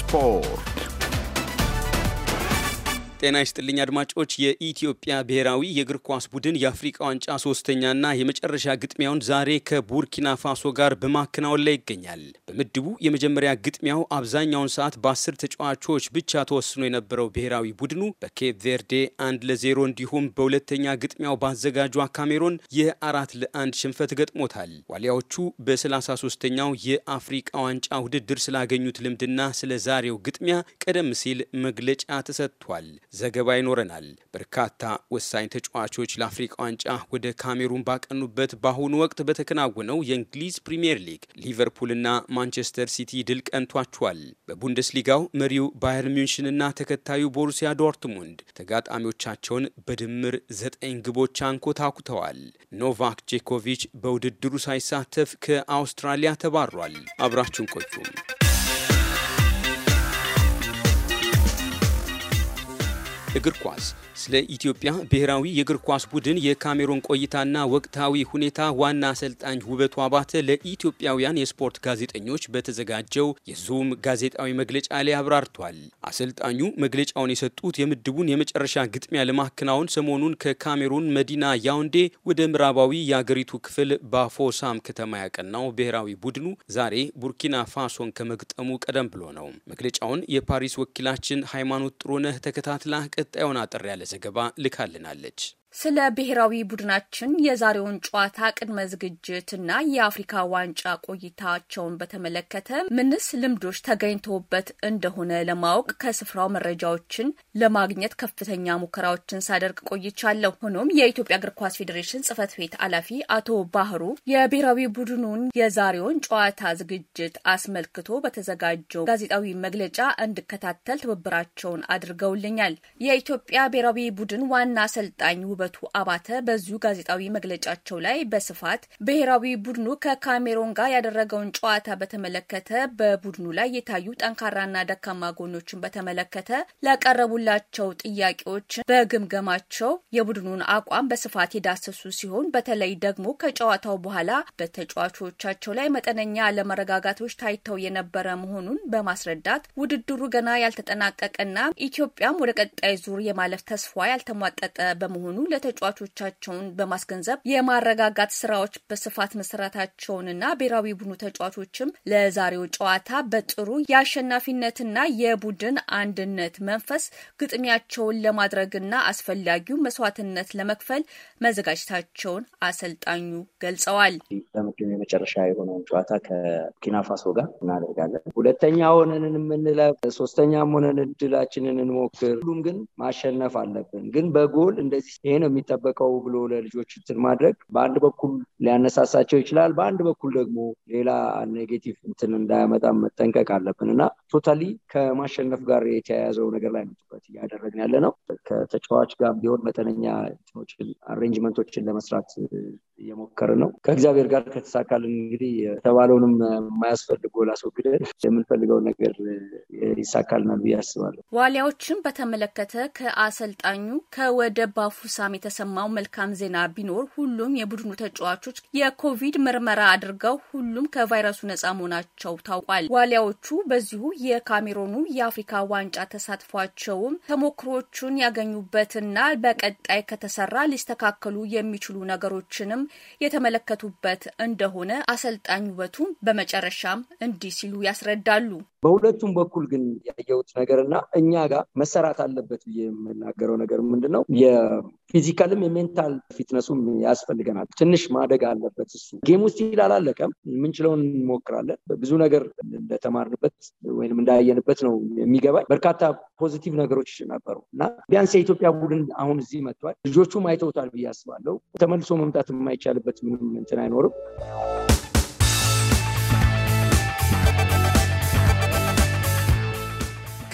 spor. ጤና ይስጥልኝ አድማጮች። የኢትዮጵያ ብሔራዊ የእግር ኳስ ቡድን የአፍሪቃ ዋንጫ ሶስተኛና የመጨረሻ ግጥሚያውን ዛሬ ከቡርኪና ፋሶ ጋር በማከናወን ላይ ይገኛል። በምድቡ የመጀመሪያ ግጥሚያው አብዛኛውን ሰዓት በአስር ተጫዋቾች ብቻ ተወስኖ የነበረው ብሔራዊ ቡድኑ በኬፕ ቬርዴ አንድ ለዜሮ እንዲሁም በሁለተኛ ግጥሚያው ባዘጋጇ ካሜሮን የአራት ለአንድ ሽንፈት ገጥሞታል። ዋሊያዎቹ በ33ኛው የአፍሪቃ ዋንጫ ውድድር ስላገኙት ልምድና ስለ ዛሬው ግጥሚያ ቀደም ሲል መግለጫ ተሰጥቷል። ዘገባ ይኖረናል። በርካታ ወሳኝ ተጫዋቾች ለአፍሪቃ ዋንጫ ወደ ካሜሩን ባቀኑበት በአሁኑ ወቅት በተከናወነው የእንግሊዝ ፕሪምየር ሊግ ሊቨርፑልና ማንቸስተር ሲቲ ድል ቀንቷቸዋል። በቡንደስሊጋው መሪው ባየር ሚንሽንና ተከታዩ ቦሩሲያ ዶርትሙንድ ተጋጣሚዎቻቸውን በድምር ዘጠኝ ግቦች አንኮታኩተዋል። ኖቫክ ጄኮቪች በውድድሩ ሳይሳተፍ ከአውስትራሊያ ተባሯል። አብራችሁን ቆዩም እግር ኳስ ስለ ኢትዮጵያ ብሔራዊ የእግር ኳስ ቡድን የካሜሮን ቆይታና ወቅታዊ ሁኔታ ዋና አሰልጣኝ ውበቱ አባተ ለኢትዮጵያውያን የስፖርት ጋዜጠኞች በተዘጋጀው የዙም ጋዜጣዊ መግለጫ ላይ አብራርቷል። አሰልጣኙ መግለጫውን የሰጡት የምድቡን የመጨረሻ ግጥሚያ ለማከናወን ሰሞኑን ከካሜሩን መዲና ያውንዴ ወደ ምዕራባዊ የአገሪቱ ክፍል ባፎሳም ከተማ ያቀናው ብሔራዊ ቡድኑ ዛሬ ቡርኪና ፋሶን ከመግጠሙ ቀደም ብሎ ነው። መግለጫውን የፓሪስ ወኪላችን ሃይማኖት ጥሩነህ ተከታትላ ቀጣዩን አጠር ያለ ዘገባ ልካልናለች። ስለ ብሔራዊ ቡድናችን የዛሬውን ጨዋታ ቅድመ ዝግጅት እና የአፍሪካ ዋንጫ ቆይታቸውን በተመለከተ ምንስ ልምዶች ተገኝተውበት እንደሆነ ለማወቅ ከስፍራው መረጃዎችን ለማግኘት ከፍተኛ ሙከራዎችን ሳደርግ ቆይቻለሁ። ሆኖም የኢትዮጵያ እግር ኳስ ፌዴሬሽን ጽሕፈት ቤት ኃላፊ አቶ ባህሩ የብሔራዊ ቡድኑን የዛሬውን ጨዋታ ዝግጅት አስመልክቶ በተዘጋጀው ጋዜጣዊ መግለጫ እንድከታተል ትብብራቸውን አድርገውልኛል። የኢትዮጵያ ብሔራዊ ቡድን ዋና አሰልጣኝ ውበቱ አባተ በዚሁ ጋዜጣዊ መግለጫቸው ላይ በስፋት ብሔራዊ ቡድኑ ከካሜሮን ጋር ያደረገውን ጨዋታ በተመለከተ በቡድኑ ላይ የታዩ ጠንካራና ደካማ ጎኖችን በተመለከተ ላቀረቡላቸው ጥያቄዎች በግምገማቸው የቡድኑን አቋም በስፋት የዳሰሱ ሲሆን በተለይ ደግሞ ከጨዋታው በኋላ በተጫዋቾቻቸው ላይ መጠነኛ አለመረጋጋቶች ታይተው የነበረ መሆኑን በማስረዳት ውድድሩ ገና ያልተጠናቀቀና ኢትዮጵያም ወደ ቀጣይ ዙር የማለፍ ተስፋ ያልተሟጠጠ በመሆኑ ለተጫዋቾቻቸውን በማስገንዘብ የማረጋጋት ስራዎች በስፋት መሰራታቸውንና ብሔራዊ ቡድኑ ተጫዋቾችም ለዛሬው ጨዋታ በጥሩ የአሸናፊነትና የቡድን አንድነት መንፈስ ግጥሚያቸውን ለማድረግና አስፈላጊው መስዋዕትነት ለመክፈል መዘጋጀታቸውን አሰልጣኙ ገልጸዋል። የመጨረሻ የሆነውን ጨዋታ ከቡርኪና ፋሶ ጋር እናደርጋለን። ሁለተኛ ሆነን የምንለፍ፣ ሶስተኛም ሆነን እድላችንን እንሞክር። ሁሉም ግን ማሸነፍ አለብን። ግን በጎል እንደዚህ ይሄ ነው የሚጠበቀው ብሎ ለልጆች እንትን ማድረግ በአንድ በኩል ሊያነሳሳቸው ይችላል። በአንድ በኩል ደግሞ ሌላ ኔጌቲቭ እንትን እንዳያመጣ መጠንቀቅ አለብን እና ቶታሊ ከማሸነፍ ጋር የተያያዘው ነገር ላይ ነጥበት እያደረግን ያለ ነው። ከተጫዋች ጋር ቢሆን መጠነኛ አሬንጅመንቶችን ለመስራት እየሞከር ነው። ከእግዚአብሔር ጋር ከተሳካልን እንግዲህ የተባለውንም የማያስፈልገው ጎል አስወግደን ነገር ይሳካልናል ብዬ አስባለሁ። ዋሊያዎችን በተመለከተ ከአሰልጣኙ ከወደ ባፉሳም የተሰማው መልካም ዜና ቢኖር ሁሉም የቡድኑ ተጫዋቾች የኮቪድ ምርመራ አድርገው ሁሉም ከቫይረሱ ነጻ መሆናቸው ታውቋል። ዋሊያዎቹ በዚሁ የካሜሮኑ የአፍሪካ ዋንጫ ተሳትፏቸውም ተሞክሮቹን ያገኙበትና በቀጣይ ከተሰራ ሊስተካከሉ የሚችሉ ነገሮችንም የተመለከቱበት እንደሆነ አሰልጣኝ ውበቱ በመጨረሻም እንዲህ ሲሉ ያስረዳሉ። በሁለቱም በኩል ግን ያየሁት ነገር እና እኛ ጋር መሰራት አለበት ብዬ የምናገረው ነገር ምንድነው የፊዚካልም የሜንታል ፊትነሱም ያስፈልገናል። ትንሽ ማደግ አለበት። እሱ ጌም ውስጥ ይል አላለቀም። የምንችለውን እንሞክራለን። ብዙ ነገር እንደተማርንበት ወይም እንዳያየንበት ነው የሚገባኝ። በርካታ ፖዚቲቭ ነገሮች ነበሩ እና ቢያንስ የኢትዮጵያ ቡድን አሁን እዚህ መጥቷል። ልጆቹም አይተውታል ብዬ አስባለሁ። ተመልሶ መምጣት የማይቻልበት ምንም እንትን አይኖርም።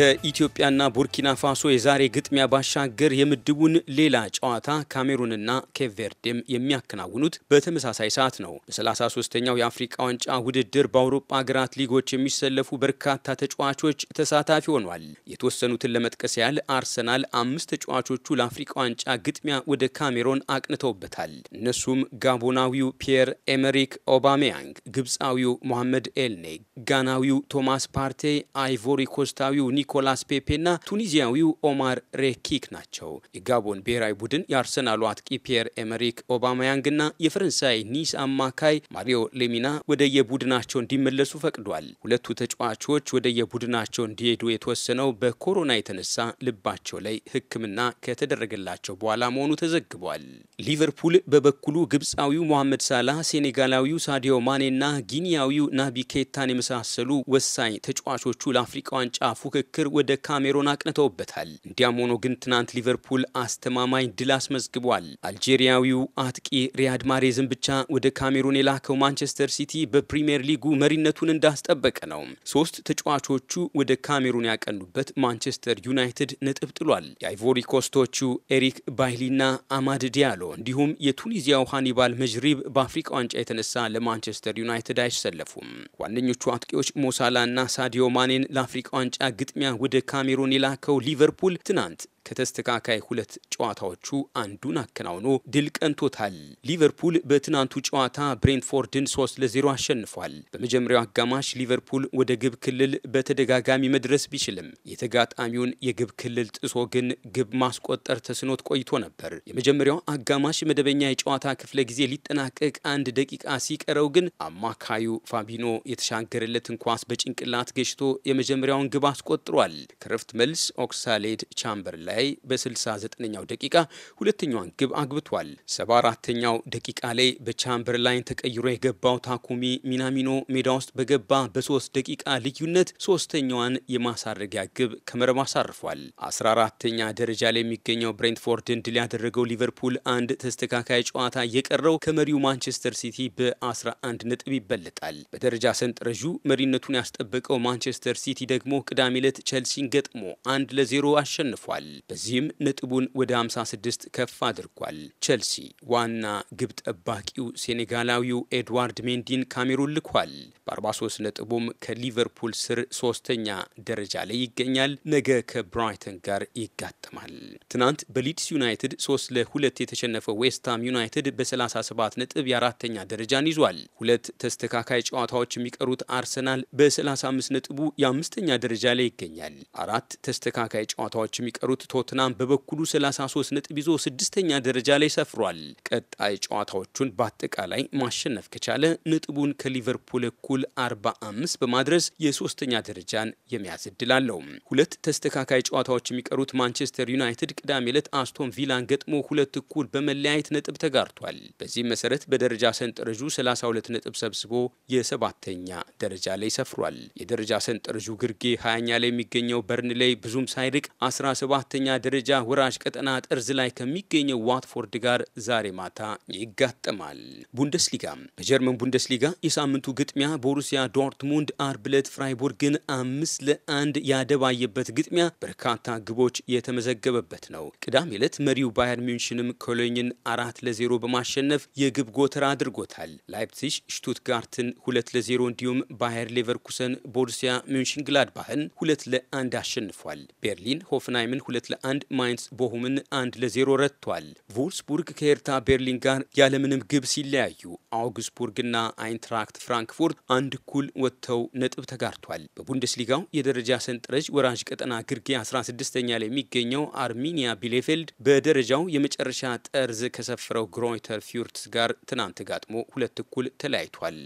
ከኢትዮጵያና ቡርኪና ፋሶ የዛሬ ግጥሚያ ባሻገር የምድቡን ሌላ ጨዋታ ካሜሩንና ኬቨርዴም የሚያከናውኑት በተመሳሳይ ሰዓት ነው። በ33ኛው የአፍሪቃ ዋንጫ ውድድር በአውሮፓ ሀገራት ሊጎች የሚሰለፉ በርካታ ተጫዋቾች ተሳታፊ ሆኗል። የተወሰኑትን ለመጥቀስ ያህል አርሰናል አምስት ተጫዋቾቹ ለአፍሪቃ ዋንጫ ግጥሚያ ወደ ካሜሮን አቅንተውበታል። እነሱም ጋቦናዊው ፒየር ኤመሪክ ኦባሜያንግ፣ ግብፃዊው ሞሐመድ ኤልኔ፣ ጋናዊው ቶማስ ፓርቴ፣ አይቮሪ ኮስታዊው ኒ ኒኮላስ ፔፔና ቱኒዚያዊው ኦማር ሬኪክ ናቸው። የጋቦን ብሔራዊ ቡድን የአርሰናሉ አጥቂ ፒየር ኤመሪክ ኦባማያንግና የፈረንሳይ ኒስ አማካይ ማሪዮ ሌሚና ወደ የቡድናቸው እንዲመለሱ ፈቅዷል። ሁለቱ ተጫዋቾች ወደ የቡድናቸው እንዲሄዱ የተወሰነው በኮሮና የተነሳ ልባቸው ላይ ሕክምና ከተደረገላቸው በኋላ መሆኑ ተዘግቧል። ሊቨርፑል በበኩሉ ግብፃዊው ሞሐመድ ሳላህ፣ ሴኔጋላዊው ሳዲዮ ማኔና ጊኒያዊው ናቢ ኬታን የመሳሰሉ ወሳኝ ተጫዋቾቹ ለአፍሪቃ ዋንጫ ፉክክ ክርክር ወደ ካሜሮን አቅንተውበታል። እንዲያም ሆኖ ግን ትናንት ሊቨርፑል አስተማማኝ ድል አስመዝግቧል። አልጄሪያዊው አጥቂ ሪያድ ማሬዝን ብቻ ወደ ካሜሩን የላከው ማንቸስተር ሲቲ በፕሪምየር ሊጉ መሪነቱን እንዳስጠበቀ ነው። ሶስት ተጫዋቾቹ ወደ ካሜሩን ያቀኑበት ማንቸስተር ዩናይትድ ነጥብ ጥሏል። የአይቮሪ ኮስቶቹ ኤሪክ ባይሊና አማድ ዲያሎ እንዲሁም የቱኒዚያው ሃኒባል መዥሪብ በአፍሪካ ዋንጫ የተነሳ ለማንቸስተር ዩናይትድ አይሰለፉም። ዋነኞቹ አጥቂዎች ሞሳላ እና ሳዲዮ ማኔን ለአፍሪካ ዋንጫ ግጥሚ ግጥሚያ ወደ ካሜሩን የላከው ሊቨርፑል ትናንት ከተስተካካይ ሁለት ጨዋታዎቹ አንዱን አከናውኖ ድል ቀንቶታል። ሊቨርፑል በትናንቱ ጨዋታ ብሬንትፎርድን 3 ለ0 አሸንፏል። በመጀመሪያው አጋማሽ ሊቨርፑል ወደ ግብ ክልል በተደጋጋሚ መድረስ ቢችልም የተጋጣሚውን የግብ ክልል ጥሶ ግን ግብ ማስቆጠር ተስኖት ቆይቶ ነበር። የመጀመሪያው አጋማሽ መደበኛ የጨዋታ ክፍለ ጊዜ ሊጠናቀቅ አንድ ደቂቃ ሲቀረው ግን አማካዩ ፋቢኖ የተሻገረለትን ኳስ በጭንቅላት ገሽቶ የመጀመሪያውን ግብ አስቆጥሯል። ከረፍት መልስ ኦክሳሌድ ቻምበርላ ላይ በ69ኛው ደቂቃ ሁለተኛዋን ግብ አግብቷል። 74ኛው ደቂቃ ላይ በቻምበርላይን ተቀይሮ የገባው ታኩሚ ሚናሚኖ ሜዳ ውስጥ በገባ በሶስት ደቂቃ ልዩነት ሶስተኛዋን የማሳረጊያ ግብ ከመረብ አሳርፏል። 14ተኛ ደረጃ ላይ የሚገኘው ብሬንትፎርድን ድል ያደረገው ሊቨርፑል አንድ ተስተካካይ ጨዋታ የቀረው ከመሪው ማንቸስተር ሲቲ በ11 ነጥብ ይበለጣል። በደረጃ ሰንጠረዡ መሪነቱን ያስጠበቀው ማንቸስተር ሲቲ ደግሞ ቅዳሜ ዕለት ቸልሲን ገጥሞ አንድ ለዜሮ አሸንፏል። በዚህም ነጥቡን ወደ 56 ከፍ አድርጓል። ቼልሲ ዋና ግብ ጠባቂው ሴኔጋላዊው ኤድዋርድ ሜንዲን ካሜሩን ልኳል። በ43 ነጥቡም ከሊቨርፑል ስር ሶስተኛ ደረጃ ላይ ይገኛል። ነገ ከብራይተን ጋር ይጋጠማል። ትናንት በሊድስ ዩናይትድ 3 ለ ለ2 የተሸነፈው ዌስትሃም ዩናይትድ በ37 ነጥብ የአራተኛ ደረጃን ይዟል። ሁለት ተስተካካይ ጨዋታዎች የሚቀሩት አርሰናል በ35 ነጥቡ የአምስተኛ ደረጃ ላይ ይገኛል። አራት ተስተካካይ ጨዋታዎች የሚቀሩት ቶትናም በበኩሉ 33 ነጥብ ይዞ ስድስተኛ ደረጃ ላይ ሰፍሯል። ቀጣይ ጨዋታዎቹን በአጠቃላይ ማሸነፍ ከቻለ ነጥቡን ከሊቨርፑል እኩል 45 በማድረስ የሶስተኛ ደረጃን የሚያዝ እድል አለው። ሁለት ተስተካካይ ጨዋታዎች የሚቀሩት ማንቸስተር ዩናይትድ ቅዳሜ ዕለት አስቶን ቪላን ገጥሞ ሁለት እኩል በመለያየት ነጥብ ተጋርቷል። በዚህም መሰረት በደረጃ ሰንጠረዡ 32 ነጥብ ሰብስቦ የሰባተኛ ደረጃ ላይ ሰፍሯል። የደረጃ ሰንጠረዡ ግርጌ 20ኛ ላይ የሚገኘው በርንሌይ ብዙም ሳይርቅ 17 የሁለተኛ ደረጃ ወራጅ ቀጠና ጠርዝ ላይ ከሚገኘው ዋትፎርድ ጋር ዛሬ ማታ ይጋጠማል። ቡንደስሊጋ በጀርመን ቡንደስሊጋ የሳምንቱ ግጥሚያ ቦሩሲያ ዶርትሙንድ አርብ ዕለት ፍራይቡርግን አምስት ለአንድ ያደባየበት ግጥሚያ በርካታ ግቦች የተመዘገበበት ነው። ቅዳሜ ዕለት መሪው ባየር ሚንሽንም ኮሎኝን አራት ለዜሮ በማሸነፍ የግብ ጎተራ አድርጎታል። ላይፕሲሽ ሽቱትጋርትን ሁለት ለዜሮ እንዲሁም ባየር ሌቨርኩሰን ቦሩሲያ ሚንሽን ግላድባህን ሁለት ለአንድ አሸንፏል። ቤርሊን ሆፍንሃይምን ሁለት ለአንድ ማይንስ ቦሁምን አንድ ለዜሮ ረትቷል። ቮልስቡርግ ከኤርታ ቤርሊን ጋር ያለምንም ግብ ሲለያዩ፣ አውግስቡርግና አይንትራክት ፍራንክፉርት አንድ እኩል ወጥተው ነጥብ ተጋርቷል። በቡንደስሊጋው የደረጃ ሰንጠረዥ ወራጅ ቀጠና ግርጌ 16ኛ ላይ የሚገኘው አርሚኒያ ቢሌፌልድ በደረጃው የመጨረሻ ጠርዝ ከሰፈረው ግሮይተር ፊርትስ ጋር ትናንት ጋጥሞ ሁለት እኩል ተለያይቷል።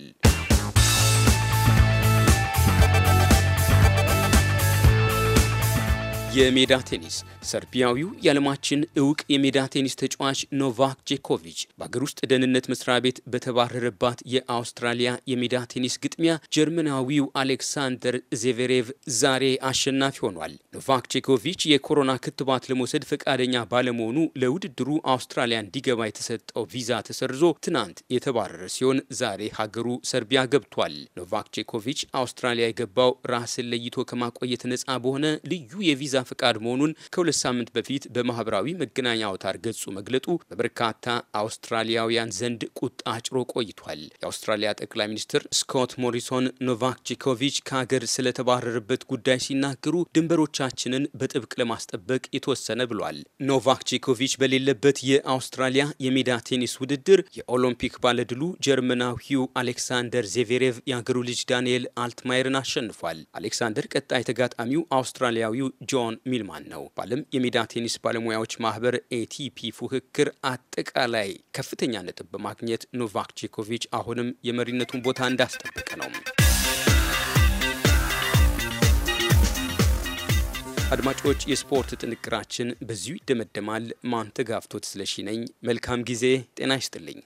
የሜዳ ቴኒስ ሰርቢያዊው የዓለማችን እውቅ የሜዳ ቴኒስ ተጫዋች ኖቫክ ጄኮቪች በአገር ውስጥ ደህንነት መስሪያ ቤት በተባረረባት የአውስትራሊያ የሜዳ ቴኒስ ግጥሚያ ጀርመናዊው አሌክሳንደር ዜቬሬቭ ዛሬ አሸናፊ ሆኗል። ኖቫክ ጄኮቪች የኮሮና ክትባት ለመውሰድ ፈቃደኛ ባለመሆኑ ለውድድሩ አውስትራሊያ እንዲገባ የተሰጠው ቪዛ ተሰርዞ ትናንት የተባረረ ሲሆን ዛሬ ሀገሩ ሰርቢያ ገብቷል። ኖቫክ ጄኮቪች አውስትራሊያ የገባው ራስን ለይቶ ከማቆየት ነጻ በሆነ ልዩ የቪዛ ፈቃድ መሆኑን ከሁለት ሳምንት በፊት በማህበራዊ መገናኛ አውታር ገጹ መግለጡ በበርካታ አውስትራሊያውያን ዘንድ ቁጣ አጭሮ ቆይቷል። የአውስትራሊያ ጠቅላይ ሚኒስትር ስኮት ሞሪሶን ኖቫክ ጆኮቪች ከሀገር ስለተባረረበት ጉዳይ ሲናገሩ ድንበሮቻችንን በጥብቅ ለማስጠበቅ የተወሰነ ብሏል። ኖቫክ ጆኮቪች በሌለበት የአውስትራሊያ የሜዳ ቴኒስ ውድድር የኦሎምፒክ ባለድሉ ጀርመናዊው አሌክሳንደር ዜቬሬቭ የአገሩ ልጅ ዳንኤል አልትማየርን አሸንፏል። አሌክሳንደር ቀጣይ ተጋጣሚው አውስትራሊያዊው ጆን ጆን ሚልማን ነው። በዓለም የሜዳ ቴኒስ ባለሙያዎች ማህበር ኤቲፒ ፉክክር አጠቃላይ ከፍተኛ ነጥብ በማግኘት ኖቫክ ጄኮቪች አሁንም የመሪነቱን ቦታ እንዳስጠበቀ ነው። አድማጮች፣ የስፖርት ጥንቅራችን በዚሁ ይደመደማል። ማንተጋፍቶት ስለሺ ነኝ። መልካም ጊዜ። ጤና ይስጥልኝ።